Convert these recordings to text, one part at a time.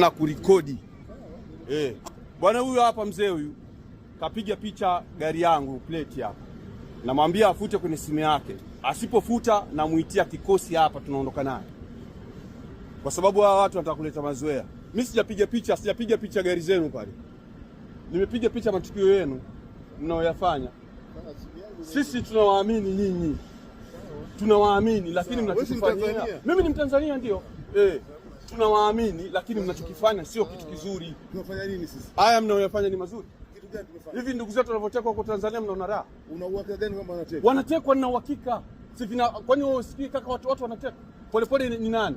na kurikodi eh. eh. Bwana huyu hapa, mzee huyu kapiga picha gari yangu plate hapa, namwambia afute kwenye simu yake. Asipofuta namuitia kikosi hapa, tunaondoka naye, kwa sababu hawa watu wanataka kuleta mazoea. Mimi sijapiga picha, sijapiga picha gari zenu pale, nimepiga picha matukio yenu mnaoyafanya. Sisi tunawaamini nyinyi, tunawaamini, lakini mnatufanyia. Mimi ni Mtanzania ndio eh tunawaamini, lakini mnachokifanya sio kitu ah, kizuri. Tunafanya nini sisi? Haya mnayoyafanya ni mazuri? Kitu gani tumefanya? Hivi ndugu zetu wanavyotekwa huko Tanzania, mnaona raha? Una uhakika gani kwamba wanatekwa? Wanatekwa na uhakika. Si vina kwani wewe usikii kaka, watu watu wanatekwa. Polepole ni nani?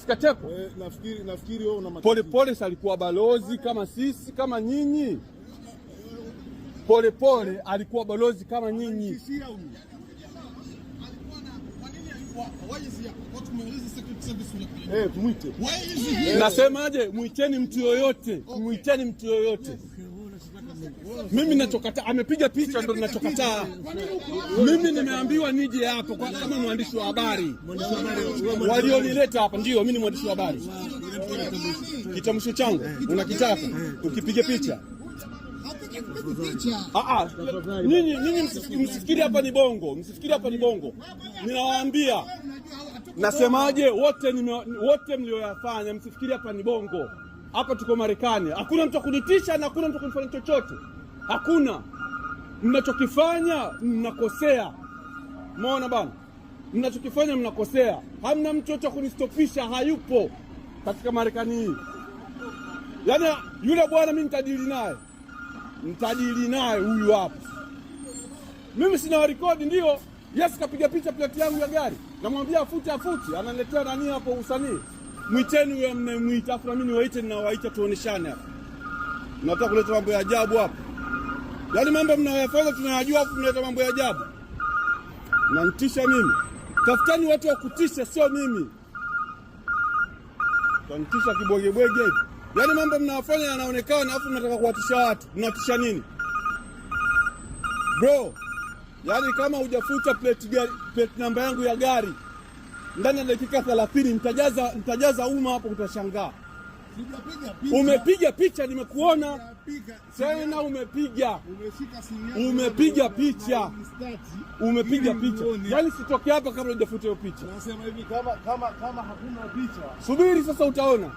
Sikatekwa. Eh, nafikiri nafikiri wewe una matatizo. Polepole alikuwa balozi kama sisi kama nyinyi. Polepole alikuwa balozi kama nyinyi mwite. Eh, eh. Nasemaje? Mwiteni mtu yoyote, Mwiteni mtu yoyote. Mimi nachokataa amepiga picha, ndo ninachokataa mimi. Nimeambiwa nije hapa kama mwandishi wa habari, walionileta hapa ndio mimi. Ni mwandishi wa habari, kitamsho changu unakitaka, ukipiga picha Ah, ah. Nyinyi msifikiri hapa ni bongo, msifikiri hapa ni bongo. Ninawaambia nasemaje, wote wote mlioyafanya, msifikiri hapa ni bongo. Hapa tuko Marekani, hakuna mtu akunitisha na hakuna mtu kunifanya chochote, hakuna. Mnachokifanya mnakosea, umeona bana, mnachokifanya mnakosea. Hamna mtu yote kunistopisha, hayupo katika Marekani hii. Yaani yule bwana mimi nitadili naye mtadili naye huyu hapa. Mimi sina rekodi, ndio Yesu kapiga picha plate yangu ya gari, namwambia afute, afute, ananiletea nani hapo usanii. Mwiteni huyo mnemwita, afu nami niwaite, ninawaita, tuoneshane hapa. Mnataka kuleta mambo ya ajabu hapa, yaani mambo mnayofanya tunayajua, afu mnaleta mambo ya ajabu, mnanitisha mimi. Tafutani watu wa kutisha, sio mimi. Tanitisha kibwegebwege hivi. Yaani mambo mnayofanya yanaonekana, afu mnataka kuwatisha watu. Mnatisha nini bro? Yaani kama hujafuta plate gari, plate namba yangu ya gari ndani ya dakika 30 mtajaza mtajaza umma hapo, utashangaa. Umepiga picha, nimekuona tena, umepiga umepiga picha, umepiga picha. Yaani sitoke hapa kabla hujafuta hiyo picha. Nasema hivi, kama kama kama hakuna picha, subiri sasa, utaona.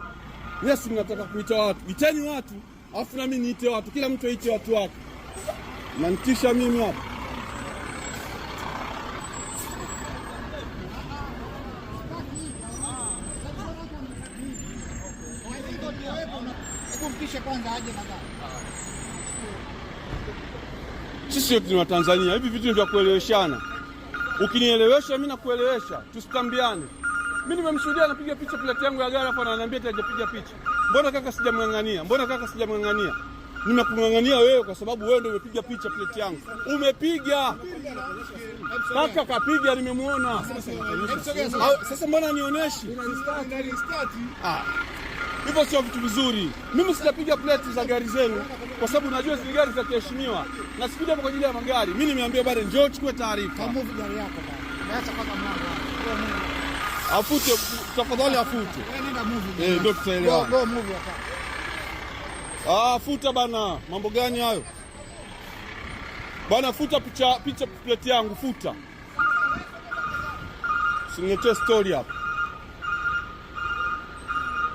Yesu mnataka kuita watu, iteni watu, alafu mimi niite watu, kila mtu aite watu wake. Mnanitisha mimi hapa. Sisi yote ni Watanzania, hivi vitu vya kueleweshana. Ukinielewesha mimi nakuelewesha, tusitambiane. Mimi nimemshuhudia anapiga picha plate yangu ya gari hapo na ananiambia eti hajapiga picha. Mbona kaka sijamng'ang'ania? Mbona kaka sijamng'ang'ania? Nimekung'ang'ania wewe kwa sababu wewe ndio umepiga picha plate yangu. Umepiga. Kaka kapiga nimemuona. Sasa mbona nionyeshi? Ah. Hivyo sio vitu vizuri. Mimi sijapiga plate za gari zenu kwa sababu najua zile gari za kiheshimiwa. Na sikuja kwa ajili ya magari. Mimi nimeambia bado njoo chukue taarifa. Kama gari yako bado. Naacha kwa mlango. Afute tafadhali, afute eh, ndio eh, Ah, futa bana, mambo gani hayo bana? Futa picha picha plate yangu, futa siniletee stori hapa.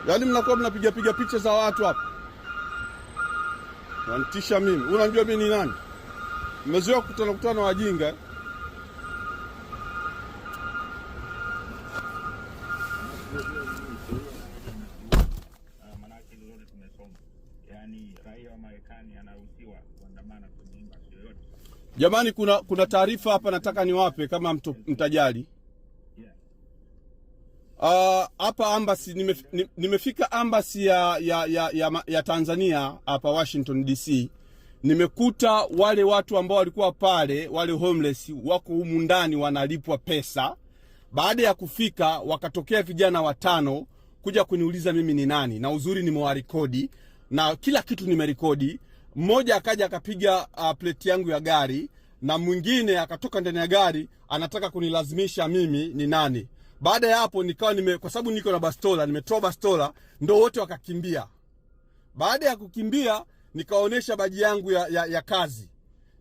Yaani mnakuwa mnapigapiga picha za watu hapa, wanitisha mimi. Unajua mimi ni nani? Mmezoea kukutana kutana na wajinga eh? Yaani, Jamani, kuna kuna taarifa hapa nataka niwape kama mtu, mtajali ah, hapa uh, ambasi nime, nimefika ambasi ya, ya, ya, ya, ya Tanzania hapa Washington DC, nimekuta wale watu ambao walikuwa pale wale homeless wako humu ndani wanalipwa pesa. Baada ya kufika wakatokea vijana watano kuja kuniuliza mimi ni nani, na uzuri nimewarekodi na kila kitu nimerekodi. Mmoja akaja akapiga uh, pleti yangu ya gari na mwingine akatoka ndani ya gari anataka kunilazimisha mimi ni nani. Baada ya hapo nikawa nime, kwa sababu niko na bastola, nimetoa bastola, ndo wote wakakimbia. Baada ya kukimbia nikaonyesha baji yangu ya, ya, ya kazi,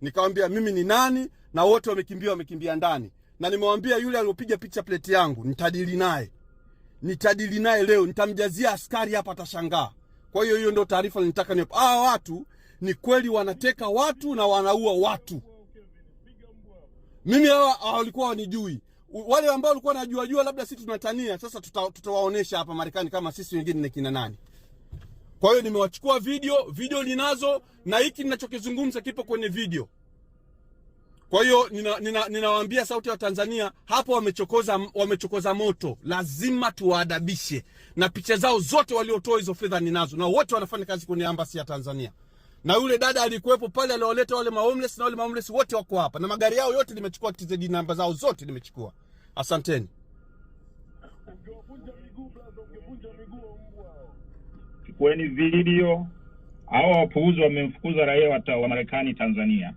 nikawambia mimi ni nani, na wote wamekimbia, wamekimbia ndani, na nimewambia yule aliopiga picha pleti yangu nitadili naye nitadili naye leo, nitamjazia askari hapa, atashangaa. Kwa hiyo hiyo ndio taarifa nitaka ni Hawa watu ni kweli wanateka watu na wanaua watu. Mimi hawa walikuwa wanijui, wale ambao walikuwa najua jua, labda sisi tunatania. Sasa tutawaonesha tuta hapa Marekani kama sisi wengine ni kina nani. Kwa hiyo nimewachukua video, video ninazo na hiki ninachokizungumza kipo kwenye video. Kwa hiyo ninawaambia nina, nina sauti ya Tanzania hapo wamechokoza, wamechokoza moto, lazima tuwaadabishe, na picha zao zote waliotoa hizo fedha ninazo, na wote wanafanya kazi kwenye ambasi ya Tanzania na yule dada alikuwepo pale aliwaleta wale mahomless na wale mahomless wote wako hapa, na magari yao yote nimechukua, TZ namba zao zote nimechukua. Asanteni. Chukueni video. Hao wapuuzi wamemfukuza raia wa Marekani Tanzania.